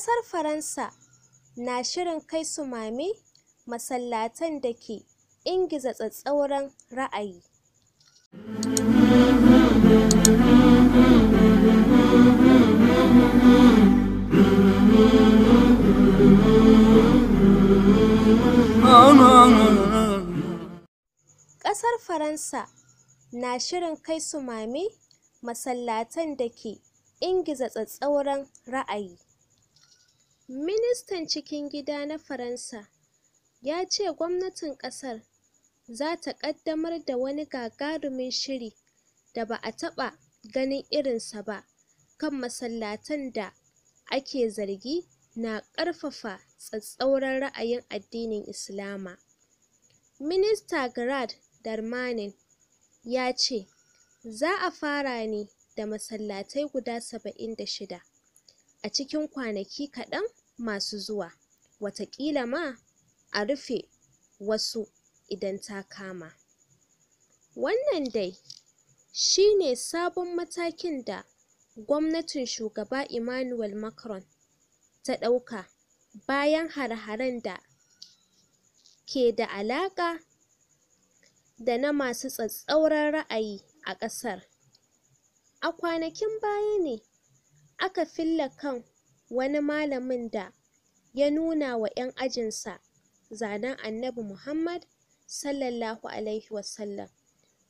Ƙasar Faransa na shirin kai sumame masallatan da ke ingiza tsatsauran ra'ayi. Ƙasar Faransa na shirin kai sumame masallatan da ke ingiza tsatsauran ra'ayi. Ministan cikin gida na Faransa ya ce gwamnatin ƙasar za ta ƙaddamar da wani gagarumin shiri da ba a taɓa ganin irinsa ba kan masallatan da ake zargi na ƙarfafa tsatstsauran ra'ayin addinin Islama. Minista Gerard Darmanin ya ce za a fara ne da masallatai guda 76 a cikin kwanaki kaɗan masu zuwa wataƙila ma a rufe wasu idan ta kama wannan dai shi ne sabon matakin da gwamnatin shugaba Emmanuel Macron ta ɗauka bayan hare da ke da alaƙa da na masu tsatstsauran ra'ayi a ƙasar a kwanakin baya ne aka fille kan wani malamin da ya nuna wa ‘yan ajinsa zanen Annabi Muhammad SAW,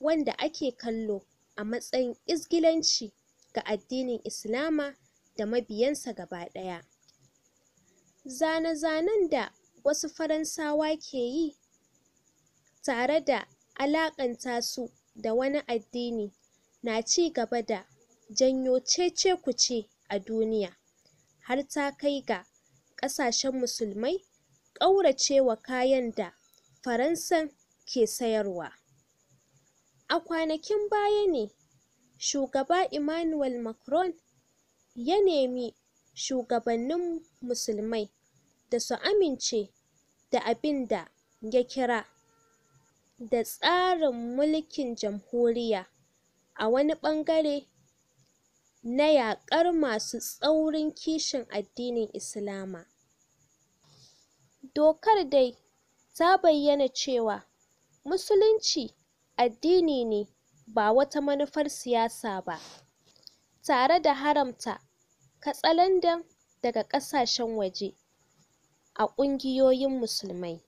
wanda ake kallo a matsayin izgilanci ga addinin Islama da mabiyansa gaba ɗaya. Zane-zanen da wasu Faransawa ke yi tare da alaƙanta su da wani addini na ci gaba da janyo cece-kuce a duniya. har ta kai ga ƙasashen musulmai ƙauracewa kayan da Faransan ke sayarwa. A kwanakin baya ne Shugaba Emmanuel Macron ya nemi shugabannin musulmai da su amince da abin da ya kira da tsarin mulkin jamhuriya a wani ɓangare na yaƙar masu tsaurin kishin addinin Islama. Dokar dai ta bayyana cewa Musulunci addini ne ba wata manufar siyasa ba, tare da haramta katsalandan daga ƙasashen waje a ƙungiyoyin Musulmai.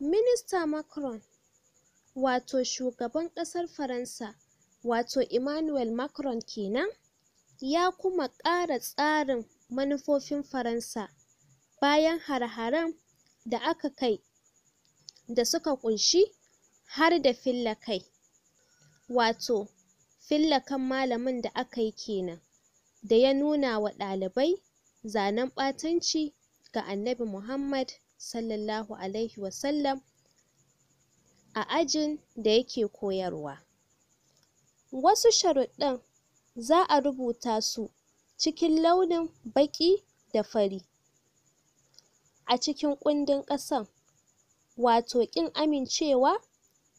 Minista Macron, wato Shugaban ƙasar Faransa, wato Emmanuel Macron kenan ya kuma ƙara tsarin manufofin Faransa bayan hare-haren da aka kai da suka ƙunshi har da filla kai, wato filla kan malamin da aka yi kenan, da ya nuna wa ɗalibai zanen ɓatanci ga Annabi Muhammad Sallallahu Alaihi Wasallam a ajin da yake koyarwa. Wasu sharuɗɗan za a rubuta su cikin launin baƙi da fari a cikin kundin ƙasan wato ƙin amincewa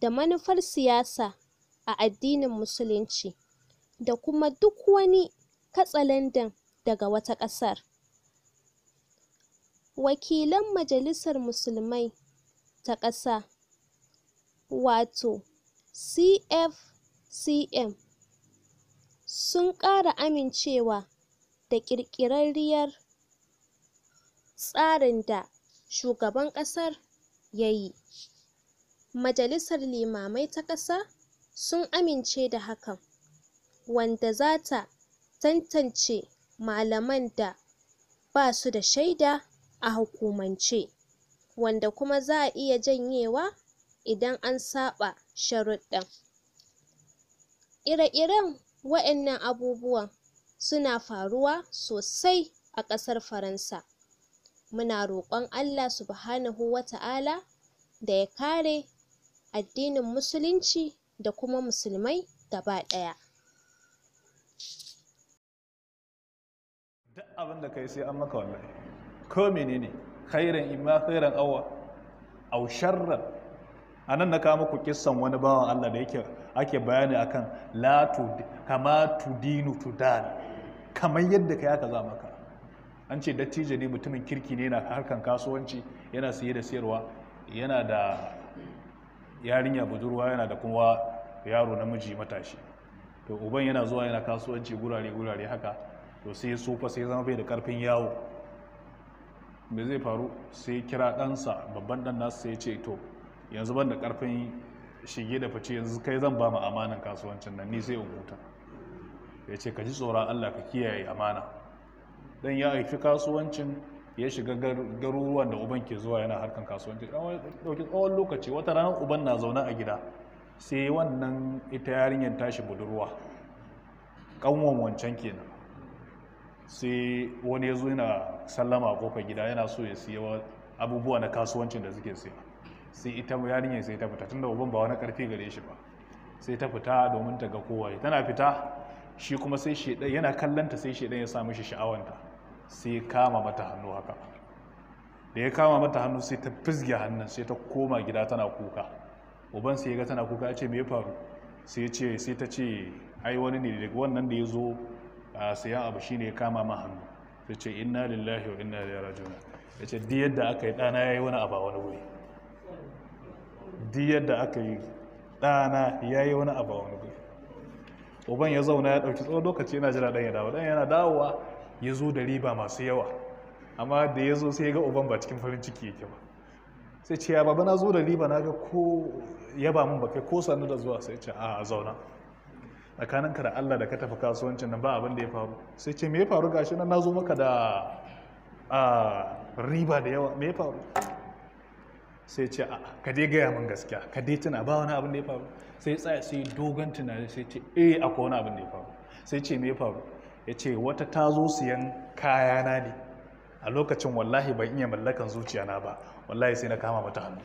da manufar siyasa a addinin musulunci da kuma duk wani katsalandan daga wata ƙasar wakilan majalisar musulmai ta ƙasa wato CFCM sun ƙara amincewa da ƙirƙirarriyar tsarin da shugaban ƙasar ya yi. Majalisar Limamai ta Ƙasa sun amince da hakan, wanda za ta tantance malaman da ba su da shaida a hukumance, wanda kuma za a iya janyewa idan an saɓa sharuɗɗan. Ire-iren waɗannan abubuwan suna faruwa sosai a ƙasar Faransa muna roƙon Allah subhanahu wa ta'ala da ya kare addinin musulunci da kuma musulmai gaba ɗaya duk abin da kai sai an maka wallahi ko menene khairan imma khairan awa, au sharran a nan na kawo muku kissan wani bawan Allah da yake ake bayani akan la tu kama tudinu tudan kamar yadda kai aka za maka an ce dattijo ne mutumin kirki ne na harkan kasuwanci yana siye da siyarwa yana da yarinya budurwa yana da kuma yaro namiji matashi to uban yana zuwa yana kasuwanci gurare gurare haka to sai ya sofa sai zama bai da karfin yawo me zai faru sai kira ɗansa babban ɗan nasu sai ce to yanzu ban da karfin shige da fice yanzu kai zan ba mu amanan kasuwancin nan ni sai in huta ya ce ka ji tsoron Allah ka kiyaye amana dan ya aiki kasuwancin ya shiga garuruwan da uban ke zuwa yana harkan kasuwanci ɗauki tsawon lokaci wata ranar uban na zaune a gida sai wannan ita yarinyar tashi budurwa ƙanwan wancan kenan sai wani ya zo yana sallama a kofar gida yana so ya siya abubuwa na kasuwancin da suke siya sai ita yarinyar sai ta fita tunda uban ba wani karfi gare shi ba sai ta fita domin ta ga kowaye tana fita shi kuma sai shedan yana kallanta sai shedan ya samu shi sha'awanta sai ya kama mata hannu haka da ya kama mata hannu sai ta fizge hannun sai ta koma gida tana kuka uban sai ya ga tana kuka ce me ya faru sai ce sai ta ce ai wani ne daga wannan da ya zo sayan abu ne ya kama ma hannu sai ce inna lillahi wa inna ilaihi raji'un ya ce yadda aka yi dana yayi wani abu a wani wuri duk yadda aka yi ɗana ya yi wani abu wani guri uban ya zauna ya ɗauki tsawon lokaci yana jira ɗan ya dawo ɗan yana dawowa ya zo da riba masu yawa amma da ya zo sai ya ga uban ba cikin farin ciki yake ba sai ce ya baba na zo da riba na ga ko yaba ba ba kai ko sannu da zuwa sai ce a zauna ka da Allah da ka tafi kasuwancin nan ba abin da ya faru sai ce me ya faru gashi nan na zo maka da ah, riba da yawa me ya faru sai ce a ka dai gaya min gaskiya ka dai tuna ba wani abin da ya faru sai tsaya sai dogon tunani sai ce eh akwai wani abin da ya faru sai ce me ya faru ya ce wata ta zo siyan kayana ne a lokacin wallahi ban iya mallakan zuciyana ba wallahi sai na kama mata hannu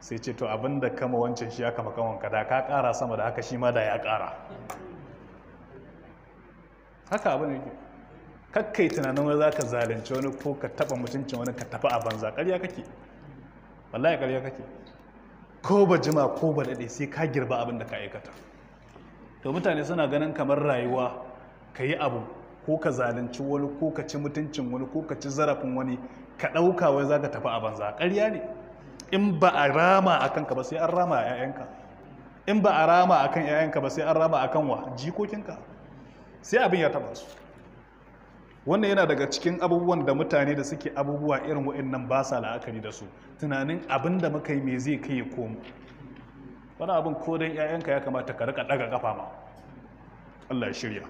sai ce to abin da kama wancan shi ya kama kawanka da ka kara sama da haka shi ma da ya kara haka abin yake kakkai tunanin wani za ka zalunci wani ko ka taba mutuncin wani ka tafi a banza ƙarya kake wallahi ƙarya kake ko ba jima ko ba daɗe sai ka girba abin da ka aikata to mutane suna ganin kamar rayuwa ka yi abu ko ka zalunci wani ko ka ci mutuncin wani ko ka ci zarafin wani ka ɗauka wai za ka tafi a banza ƙarya ne in ba a rama a kanka ba sai an rama a 'ya'yanka in ba a rama a kan 'ya'yanka ba sai an rama a kan wa jikokinka sai abin ya taɓa su wannan yana daga cikin abubuwan da mutane da suke abubuwa irin wa'annan ba sa la'akari da su tunanin abin da muka yi me zai kai ya komo wani abin ko dan 'ya'yanka ya kamata ka rika daga kafa ma Allah ya shirya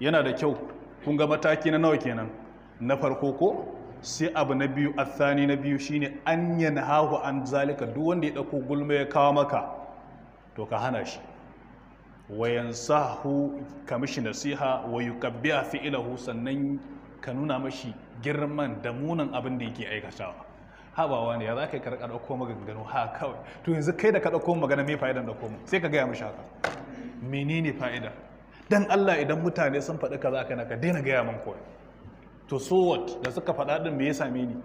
yana da kyau kun ga mataki na nawa kenan na farko ko sai abu na biyu athani na biyu shine an hahu an zalika duk wanda ya dauko gulma ya kawo maka to ka hana shi wa yansahu hu kamishi nasiha wa yukabbiha fi'lahu sannan ka nuna mashi girman da munan abin da yake aikatawa habawa ne ya za ka yi karɓar ɗauko maganganu ha kawai to yanzu kai da ka ɗauko magana mai fa'idan ɗauko mu sai ka gaya mashi haka menene fa'ida dan Allah idan mutane sun faɗi kaza ka daina gaya man kawai to so what da suka faɗa ɗin me ya same ni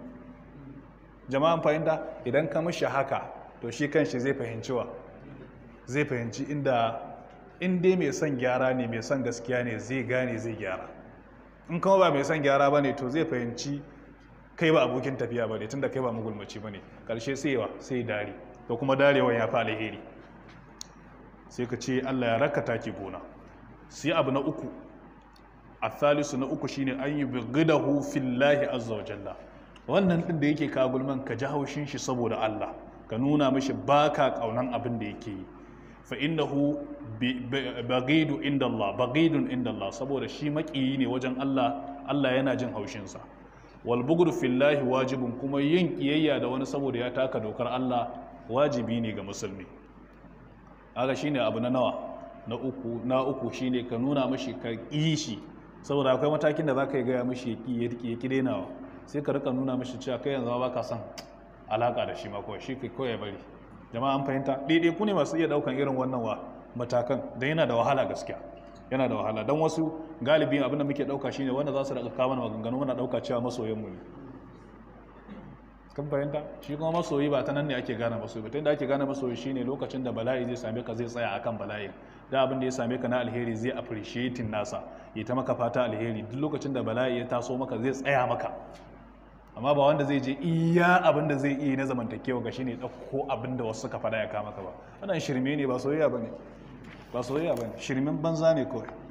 jama'an fahimta idan ka mashi haka to shi kanshi zai fahimci wa zai fahimci inda in dai mai son gyara ne mai son gaskiya ne zai gane zai gyara in kama ba mai son gyara ba ne to zai fahimci kai ba abokin tafiya ba ne tun da kai ba mugulmaci ba ne ƙarshe yawa sai dare to kuma darewa ya fi alheri sai ka ce allah ya raka taki gona sai abu na uku a thalisu na uku shine an yi bigidahu fillahi azza wa jalla wannan ɗin da yake kagulman ka ji haushin shi saboda allah ka nuna mashi baka ƙaunan abin da yake yi fa innahu bagidu inda Allah bagidun inda saboda shi makiyi ne wajen Allah Allah yana jin haushinsa wal bugdu fillahi wajibun kuma yin kiyayya da wani saboda ya taka dokar Allah wajibi ne ga musulmi haka shine abu na nawa na uku na uku shine ka nuna mashi ka yi shi saboda akwai matakin da zaka yi gaya mashi ya ki ya ki sai ka rika nuna mashi cewa kai yanzu ba ka san alaka da shi ma kawai shi kai kawai bari jama'a an fahimta daidai ku ne masu iya daukan irin wannan wa matakan da yana da wahala gaskiya yana da wahala don wasu galibi abinda muke dauka shine wanda za su daga kawo mana maganganu muna dauka cewa masoyan mu ne kan fahimta shi kuma masoyi ba ta nan ne ake gane masoyi ba ta yadda ake gane masoyi shine lokacin da bala'i zai same ka zai tsaya akan bala'in da abin da ya same ka na alheri zai appreciating nasa ya ta maka fata alheri duk lokacin da bala'i ya taso maka zai tsaya maka amma ba wanda zai je iya abin da zai iya na zamantakewa ga shi ne ɗauko abin da wasu suka fada ya kama ka ba wannan shirme ne ba soyayya ba ne ba shirmen banza ne kawai